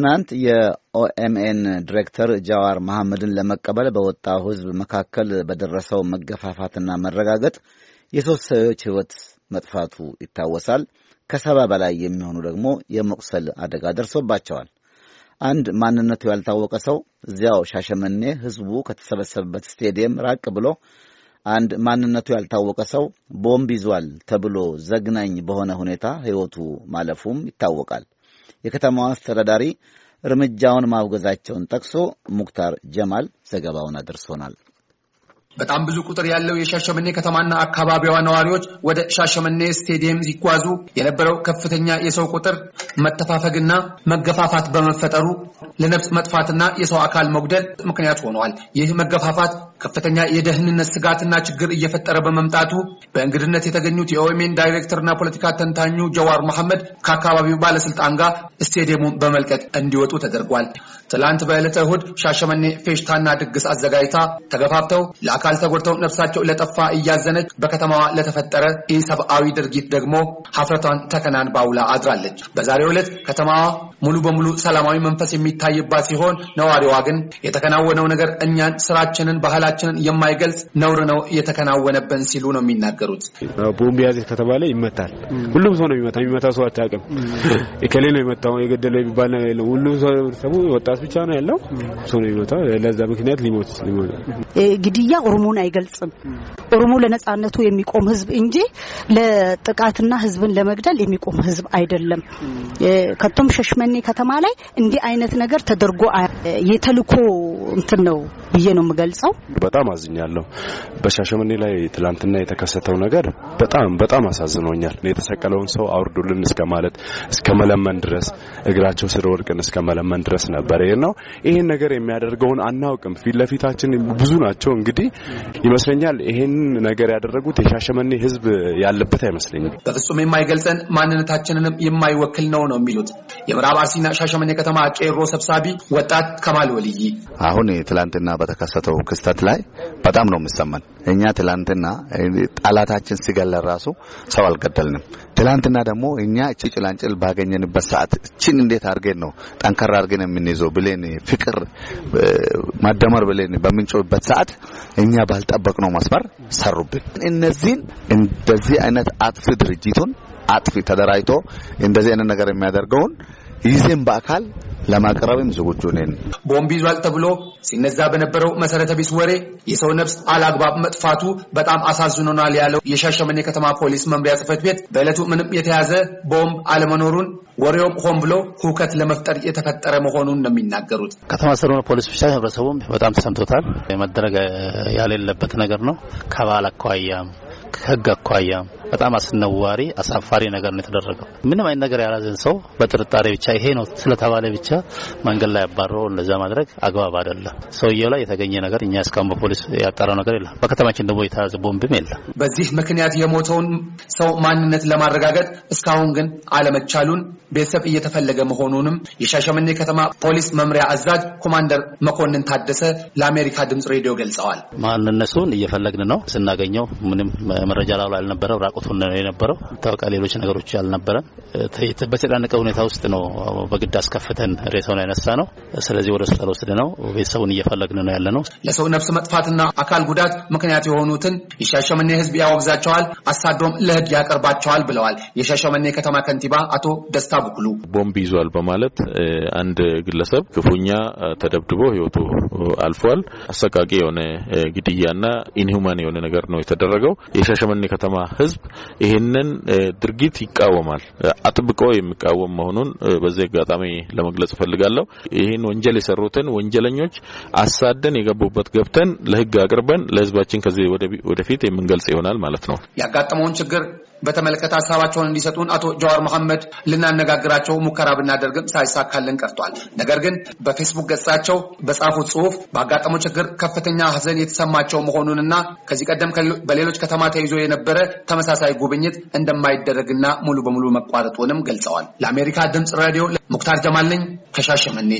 ትናንት የኦኤምኤን ዲሬክተር ጃዋር መሐመድን ለመቀበል በወጣው ሕዝብ መካከል በደረሰው መገፋፋትና መረጋገጥ የሶስት ሰዎች ሕይወት መጥፋቱ ይታወሳል። ከሰባ በላይ የሚሆኑ ደግሞ የመቁሰል አደጋ ደርሶባቸዋል። አንድ ማንነቱ ያልታወቀ ሰው እዚያው ሻሸመኔ ሕዝቡ ከተሰበሰበበት ስቴዲየም ራቅ ብሎ አንድ ማንነቱ ያልታወቀ ሰው ቦምብ ይዟል ተብሎ ዘግናኝ በሆነ ሁኔታ ሕይወቱ ማለፉም ይታወቃል። የከተማዋ አስተዳዳሪ እርምጃውን ማውገዛቸውን ጠቅሶ ሙክታር ጀማል ዘገባውን አድርሶናል። በጣም ብዙ ቁጥር ያለው የሻሸመኔ ከተማና አካባቢዋ ነዋሪዎች ወደ ሻሸመኔ ስቴዲየም ሲጓዙ የነበረው ከፍተኛ የሰው ቁጥር መተፋፈግና መገፋፋት በመፈጠሩ ለነፍስ መጥፋትና የሰው አካል መጉደል ምክንያት ሆነዋል። ይህ መገፋፋት ከፍተኛ የደህንነት ስጋትና ችግር እየፈጠረ በመምጣቱ በእንግድነት የተገኙት የኦኤምኤን ዳይሬክተርና ፖለቲካ ተንታኙ ጀዋር መሐመድ ከአካባቢው ባለስልጣን ጋር ስቴዲየሙን በመልቀቅ እንዲወጡ ተደርጓል። ትላንት በዕለተ እሁድ ሻሸመኔ ፌሽታና ድግስ አዘጋጅታ ተገፋፍተው ለአካል ተጎድተው ነፍሳቸው ለጠፋ እያዘነች በከተማዋ ለተፈጠረ ኢሰብአዊ ድርጊት ደግሞ ሀፍረቷን ተከናን ባውላ አድራለች። በዛሬው ዕለት ከተማዋ ሙሉ በሙሉ ሰላማዊ መንፈስ የሚታይባት ሲሆን፣ ነዋሪዋ ግን የተከናወነው ነገር እኛን ስራችንን ባህላ መብታችንን የማይገልጽ ነውር ነው እየተከናወነብን ሲሉ ነው የሚናገሩት። ቦምብ ያዘ ከተባለ ይመታል። ሁሉም ሰው ነው የሚመታ። የሚመታ ሰው አታውቅም። እከሌ ነው የመታው የገደለው የሚባል ነገር የለም። ሁሉም ሰው ህብረተሰቡ ወጣት ብቻ ነው ያለው ሰው ነው የሚመታ። ለዛ ምክንያት ሊሞት ግድያ ኦሮሞን አይገልጽም። ኦሮሞ ለነጻነቱ የሚቆም ህዝብ እንጂ ለጥቃትና ህዝብን ለመግደል የሚቆም ህዝብ አይደለም። ከቶም ሸሽመኔ ከተማ ላይ እንዲህ አይነት ነገር ተደርጎ የተልኮ እንትን ነው ብዬ ነው የምገልጸው። በጣም አዝኛለሁ። በሻሸመኔ ላይ ትላንትና የተከሰተው ነገር በጣም በጣም አሳዝኖኛል። የተሰቀለውን ሰው አውርዱልን እስከ ማለት እስከ መለመን ድረስ እግራቸው ስር ወድቅን እስከ መለመን ድረስ ነበር። ይሄ ነው ይሄን ነገር የሚያደርገውን አናውቅም። ፊት ለፊታችን ብዙ ናቸው። እንግዲህ ይመስለኛል ይሄን ነገር ያደረጉት የሻሸመኔ ህዝብ ያለበት አይመስለኝም። በፍጹም የማይገልጸን ማንነታችንንም የማይወክል ነው ነው የሚሉት የምዕራብ አርሲና ሻሸመኔ ከተማ ቄሮ ሰብሳቢ ወጣት ከማል ወልይ አሁን ትላንትና በተከሰተው ክስተት ላይ በጣም ነው የሚሰማን። እኛ ትላንትና ጠላታችን ሲገለን ራሱ ሰው አልገደልንም። ትላንትና ደግሞ እኛ እቺ ጭላንጭል ባገኘንበት ሰዓት እቺን እንዴት አድርገን ነው ጠንከራ አድርገን የምንይዘው ብሌን ፍቅር ማደመር ብሌን በምንጮህበት ሰዓት እኛ ባልጠበቅነው መስመር ሰሩብን። እነዚህን እንደዚህ አይነት አጥፊ ድርጅቱን አጥፊ ተደራጅቶ እንደዚህ አይነት ነገር የሚያደርገውን ይዜም በአካል ለማቅረብም ዝግጁ ነን። ቦምብ ይዟል ተብሎ ሲነዛ በነበረው መሰረተ ቢስ ወሬ የሰው ነፍስ አላግባብ መጥፋቱ በጣም አሳዝኖናል ያለው የሻሸመኔ ከተማ ፖሊስ መምሪያ ጽፈት ቤት በዕለቱ ምንም የተያዘ ቦምብ አለመኖሩን ወሬውም ሆን ብሎ ሁከት ለመፍጠር የተፈጠረ መሆኑን ነው የሚናገሩት። ከተማ ስለሆነ ፖሊስ ብቻ ህብረተሰቡም በጣም ተሰምቶታል። መደረግ ያሌለበት ነገር ነው። ከባህል አኳያም ከህግ አኳያም በጣም አስነዋሪ አሳፋሪ ነገር ነው የተደረገው። ምንም አይነት ነገር ያላዘን ሰው በጥርጣሬ ብቻ ይሄ ነው ስለተባለ ብቻ መንገድ ላይ ያባረው እንደዛ ማድረግ አግባብ አይደለም። ሰውየው ላይ የተገኘ ነገር እኛ እስካሁን በፖሊስ ያጣራው ነገር የለም። በከተማችን ደግሞ የተያዘ ቦምብም የለም። በዚህ ምክንያት የሞተውን ሰው ማንነት ለማረጋገጥ እስካሁን ግን አለመቻሉን ቤተሰብ እየተፈለገ መሆኑንም የሻሸመኔ ከተማ ፖሊስ መምሪያ አዛዥ ኮማንደር መኮንን ታደሰ ለአሜሪካ ድምጽ ሬዲዮ ገልጸዋል። ማንነቱን እየፈለግን ነው። ስናገኘው ምንም መረጃ ላሉ አልነበረ ራቆ ራቁቱን ነው የነበረው ታወቃ ሌሎች ነገሮች ያልነበረ በተጨናነቀ ሁኔታ ውስጥ ነው በግድ አስከፍተን ሬሳውን ያነሳ ነው። ስለዚህ ወደ ሆስፒታል ወስድ ነው ቤተሰቡን እየፈለግን ነው ያለ ነው። ለሰው ነፍስ መጥፋትና አካል ጉዳት ምክንያት የሆኑትን የሻሸመኔ ህዝብ ያወግዛቸዋል፣ አሳዶም ለህግ ያቀርባቸዋል ብለዋል የሻሸመኔ ከተማ ከንቲባ አቶ ደስታ ቡክሉ። ቦምብ ይዟል በማለት አንድ ግለሰብ ክፉኛ ተደብድቦ ህይወቱ አልፏል። አሰቃቂ የሆነ ግድያና ኢንሁማን የሆነ ነገር ነው የተደረገው። የሻሸመኔ ከተማ ህዝብ ይህንን ድርጊት ይቃወማል፣ አጥብቆ የሚቃወም መሆኑን በዚህ አጋጣሚ ለመግለጽ እፈልጋለሁ። ይህን ወንጀል የሰሩትን ወንጀለኞች አሳደን የገቡበት ገብተን ለህግ አቅርበን ለህዝባችን ከዚህ ወደፊት የምንገልጽ ይሆናል ማለት ነው። ያጋጠመውን ችግር በተመለከተ ሀሳባቸውን እንዲሰጡን አቶ ጀዋር መሐመድ ልናነጋግራቸው ሙከራ ብናደርግም ሳይሳካልን ቀርቷል። ነገር ግን በፌስቡክ ገጻቸው በጻፉት ጽሁፍ በአጋጠመው ችግር ከፍተኛ ሀዘን የተሰማቸው መሆኑንና ከዚህ ቀደም በሌሎች ከተማ ተይዞ የነበረ ተመሳሳይ ጉብኝት እንደማይደረግና ሙሉ በሙሉ መቋረጡንም ገልጸዋል። ለአሜሪካ ድምፅ ሬዲዮ ሙክታር ጀማል ነኝ ከሻሸመኔ